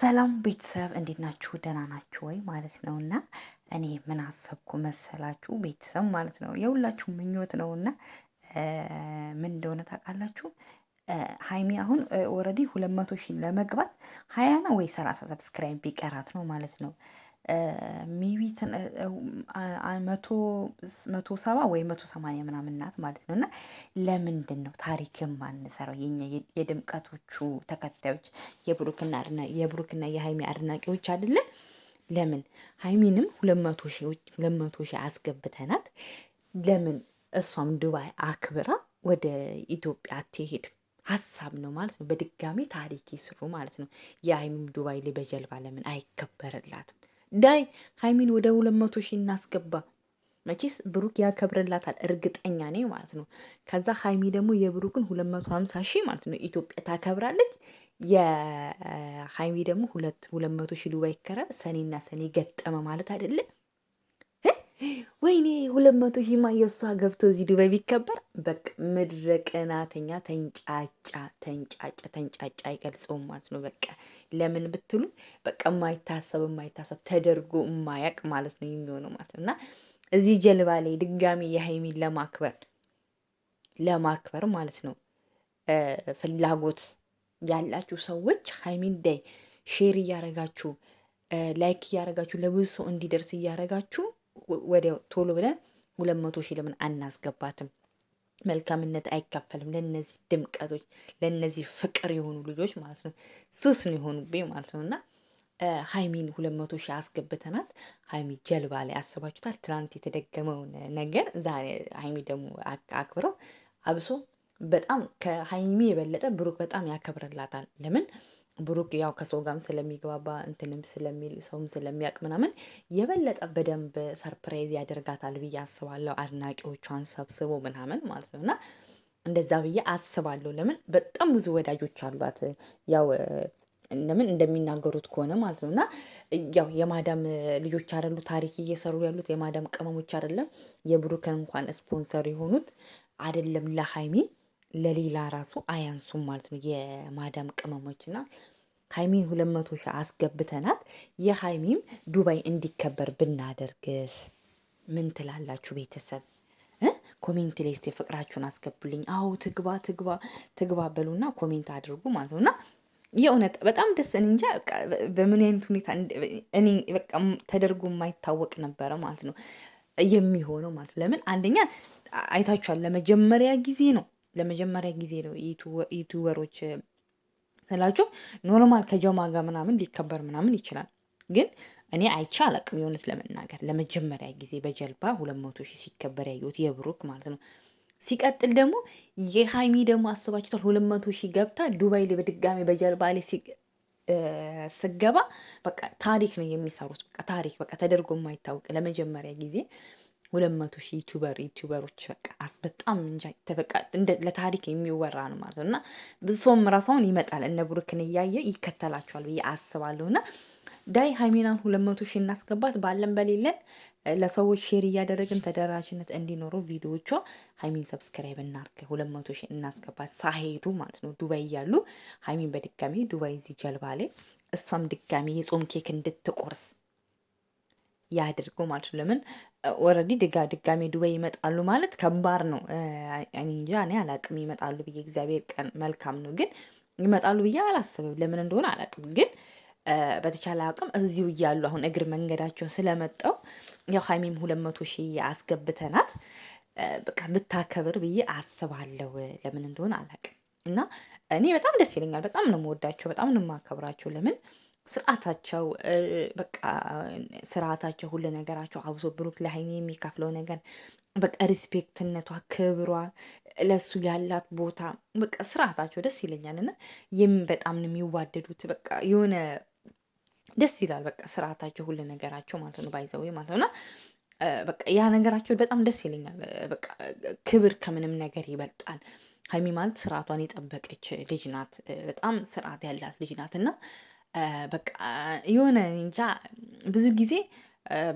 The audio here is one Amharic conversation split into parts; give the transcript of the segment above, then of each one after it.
ሰላም ቤተሰብ እንዴት ናችሁ? ደህና ናችሁ ወይ ማለት ነው። እና እኔ ምን አሰብኩ መሰላችሁ ቤተሰብ ማለት ነው፣ የሁላችሁ ምኞት ነው። እና ምን እንደሆነ ታውቃላችሁ? ሀይሚ አሁን ኦልሬዲ ሁለት መቶ ሺህ ለመግባት ሀያ ነው ወይ ሰላሳ ሰብስክራይብ ቢቀራት ነው ማለት ነው። ሜቢ መቶ ሰባ ወይ መቶ ሰማንያ ምናምን ናት ማለት ነው። እና ለምንድን ነው ታሪክም አንሰራው? የኛ የድምቀቶቹ ተከታዮች የብሩክና የሀይሚ አድናቂዎች አይደለን? ለምን ሀይሚንም ሁለት መቶ ሺህ አስገብተናት ለምን እሷም ዱባይ አክብራ ወደ ኢትዮጵያ አትሄድ? ሀሳብ ነው ማለት ነው። በድጋሚ ታሪክ ይስሩ ማለት ነው። የሀይሚም ዱባይ ላይ በጀልባ ለምን አይከበርላትም? ዳይ ሀይሚን ወደ ሁለት መቶ ሺህ እናስገባ። መቼስ ብሩክ ያከብርላታል እርግጠኛ ነኝ ማለት ነው። ከዛ ሀይሚ ደግሞ የብሩክን ሁለት መቶ ሀምሳ ሺህ ማለት ነው ኢትዮጵያ ታከብራለች። የሀይሚ ደግሞ ሁለት ሁለት መቶ ሺህ ዱባይ ይከራል። ሰኔና ሰኔ ገጠመ ማለት አይደለም። ወይኔ ሁለት መቶ ሺህ ማ የእሷ ገብቶ እዚህ ዱባይ ቢከበር በቃ ምድረ ቅናተኛ ተንጫጫ ተንጫጫ ተንጫጫ አይገልጸውም ማለት ነው። በቃ ለምን ብትሉ በቃ የማይታሰብ የማይታሰብ ተደርጎ የማያቅ ማለት ነው የሚሆነው ማለት ነው እና እዚህ ጀልባ ላይ ድጋሚ የሀይሚን ለማክበር ለማክበር ማለት ነው ፍላጎት ያላችሁ ሰዎች ሀይሚን ዳይ ሼር እያረጋችሁ ላይክ እያረጋችሁ ለብዙ ሰው እንዲደርስ እያረጋችሁ ወዲያው ቶሎ ብለን ሁለት መቶ ሺህ ለምን አናስገባትም? መልካምነት አይከፈልም። ለነዚህ ድምቀቶች፣ ለነዚህ ፍቅር የሆኑ ልጆች ማለት ነው። ሱስ ነው የሆኑብኝ ማለት ነው። እና ሀይሚን ሁለት መቶ ሺህ አስገብተናት ሀይሚ ጀልባ ላይ አስባችሁታል። ትናንት የተደገመውን ነገር ዛሬ ሀይሚ ደግሞ አክብረው አብሶ በጣም ከሀይሚ የበለጠ ብሩክ በጣም ያከብርላታል። ለምን ብሩክ ያው ከሰው ጋርም ስለሚግባባ እንትንም ስለሚል ሰውም ስለሚያውቅ ምናምን የበለጠ በደንብ ሰርፕራይዝ ያደርጋታል ብዬ አስባለሁ። አድናቂዎቿን ሰብስቦ ምናምን ማለት ነው እና እንደዛ ብዬ አስባለሁ። ለምን በጣም ብዙ ወዳጆች አሏት ያው ለምን እንደሚናገሩት ከሆነ ማለት ነው እና ያው የማዳም ልጆች አይደሉ ታሪክ እየሰሩ ያሉት የማዳም ቅመሞች አይደለም የብሩክን እንኳን ስፖንሰር የሆኑት አይደለም ለሀይሚ ለሌላ ራሱ አያንሱም ማለት ነው። የማዳም ቅመሞች ና ሀይሚን ሁለት መቶ ሺ አስገብተናት የሀይሚም ዱባይ እንዲከበር ብናደርግስ ምን ትላላችሁ ቤተሰብ? ኮሜንት ላይ እስኪ ፍቅራችሁን አስገቡልኝ። አዎ ትግባ ትግባ ትግባ በሉና ኮሜንት አድርጉ ማለት ነው እና የእውነት በጣም ደስ እንጃ በምን አይነት ሁኔታ እኔ በቃ ተደርጎ የማይታወቅ ነበረ ማለት ነው የሚሆነው ማለት ለምን አንደኛ አይታችኋል፣ ለመጀመሪያ ጊዜ ነው ለመጀመሪያ ጊዜ ነው ዩቱበሮች ስላችሁ፣ ኖርማል ከጀማ ጋር ምናምን ሊከበር ምናምን ይችላል። ግን እኔ አይቼ አላቅም። የእውነት ለመናገር ለመጀመሪያ ጊዜ በጀልባ ሁለት መቶ ሺህ ሲከበር ያየሁት የብሩክ ማለት ነው። ሲቀጥል ደግሞ የሀይሚ ደግሞ አስባችኋል፣ ሁለት መቶ ሺህ ገብታ ዱባይ ላይ በድጋሚ በጀልባ ላይ ስገባ በቃ ታሪክ ነው የሚሰሩት። በቃ ታሪክ በቃ ተደርጎ የማይታወቅ ለመጀመሪያ ጊዜ ሁለት መቶ ሺህ ዩቱበር ዩቱበሮች በቃ በጣም እንጃ በቃ ለታሪክ የሚወራ ነው ማለት ነው። እና ብዙ ራሳውን ይመጣል እነ ብሩክን እያየ ይከተላቸዋል ብዬ አስባለሁ። እና ዳይ ሀይሚናን ሁለት መቶ ሺህ እናስገባት ባለን በሌለን ለሰዎች ሼር እያደረግን ተደራሽነት እንዲኖረው ቪዲዮቿ ሀይሚን ሰብስክራይብ እናርገ ሁለት መቶ ሺህ እናስገባት ሳሄዱ ማለት ነው። ዱባይ እያሉ ሀይሚን በድጋሚ ዱባይ እዚህ ጀልባ ላይ እሷም ድጋሚ የጾም ኬክ እንድትቆርስ ያድርጉ ማለት ነው። ለምን ኦልሬዲ ድጋ ድጋሚ ዱባይ ይመጣሉ ማለት ከባድ ነው። እንጃ እኔ አላቅም ይመጣሉ ብዬ እግዚአብሔር ቀን መልካም ነው፣ ግን ይመጣሉ ብዬ አላስብም። ለምን እንደሆነ አላቅም፣ ግን በተቻለ አቅም እዚሁ እያሉ አሁን እግር መንገዳቸው ስለመጣው ያው ሀይሚም ሁለት መቶ ሺህ አስገብተናት በቃ ብታከብር ብዬ አስባለሁ። ለምን እንደሆነ አላቅም እና እኔ በጣም ደስ ይለኛል። በጣም ነው የምወዳቸው፣ በጣም ነው የማከብራቸው። ለምን ስርዓታቸው በቃ ስርዓታቸው ሁሉ ነገራቸው አብሶ ብሩክ ለሀይሚ የሚከፍለው ነገር በቃ ሪስፔክትነቷ፣ ክብሯ፣ ለሱ ያላት ቦታ በቃ ስርዓታቸው ደስ ይለኛል እና በጣም ነው የሚዋደዱት። በቃ የሆነ ደስ ይላል። በቃ ስርዓታቸው ሁሉ ነገራቸው ማለት ነው ባይዘዌ ማለት ነው እና በቃ ያ ነገራቸው በጣም ደስ ይለኛል። በቃ ክብር ከምንም ነገር ይበልጣል። ሀይሚ ማለት ስርዓቷን የጠበቀች ልጅ ናት። በጣም ስርዓት ያላት ልጅ ናት እና በቃ የሆነ እንጃ ብዙ ጊዜ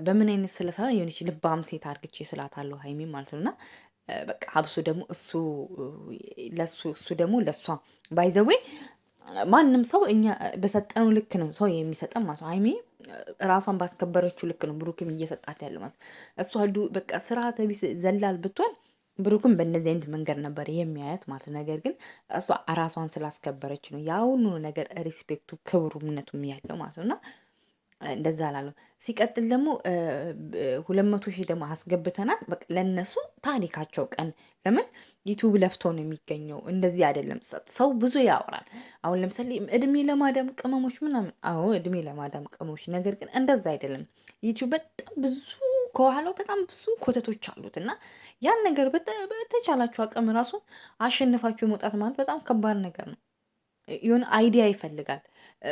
በምን አይነት ስለሳ የሆነች ልባም ሴት አርግቼ ስላታለሁ ሀይሚ ማለት ነው እና በቃ ሀብሶ ደግሞ እሱ ለሱ እሱ ደግሞ ለእሷ ባይዘዌ ማንም ሰው እኛ በሰጠኑ ልክ ነው ሰው የሚሰጠን ማለት ነው። ሀይሚ ራሷን ባስከበረችው ልክ ነው ብሩክም እየሰጣት ያለ ማለት እሷ አሉ በቃ ስራ ተቢስ ዘላል ብትሆን ብሩክም በእነዚህ አይነት መንገድ ነበር የሚያያት ማለት ነገር ግን እሷ ራሷን ስላስከበረች ነው የአሁኑ ነገር ሪስፔክቱ፣ ክብሩ፣ እምነቱም ያለው ማለት ነው እና እንደዛ አላለሁ ሲቀጥል ደግሞ ሁለት መቶ ሺህ ደግሞ አስገብተናል። ለእነሱ ታሪካቸው ቀን ለምን ዩቱብ ለፍቶ ነው የሚገኘው። እንደዚህ አይደለም። ሰው ብዙ ያወራል። አሁን ለምሳሌ እድሜ ለማዳም ቅመሞች ምናምን፣ አዎ እድሜ ለማዳም ቅመሞች። ነገር ግን እንደዛ አይደለም። ዩቱብ በጣም ብዙ ከኋላው በጣም ብዙ ኮተቶች አሉት እና ያን ነገር በተቻላችሁ አቅም ራሱ አሸንፋችሁ የመውጣት ማለት በጣም ከባድ ነገር ነው። የሆነ አይዲያ ይፈልጋል፣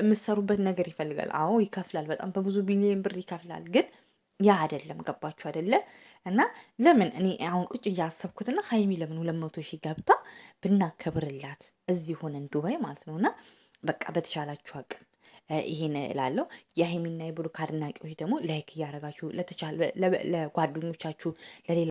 የምትሰሩበት ነገር ይፈልጋል። አዎ ይከፍላል፣ በጣም በብዙ ቢሊዮን ብር ይከፍላል። ግን ያ አይደለም። ገባችሁ አይደለ? እና ለምን እኔ አሁን ቁጭ እያሰብኩትና ሀይሚ ለምን ሁለት መቶ ሺህ ገብታ ብናከብርላት እዚህ ሆነን ዱባይ ማለት ነው እና በቃ በተቻላችሁ አቅም ይሄን እላለሁ። የሀይሚና የብሩክ አድናቂዎች ደግሞ ላይክ እያደረጋችሁ ለተቻለ ለጓደኞቻችሁ ለሌላ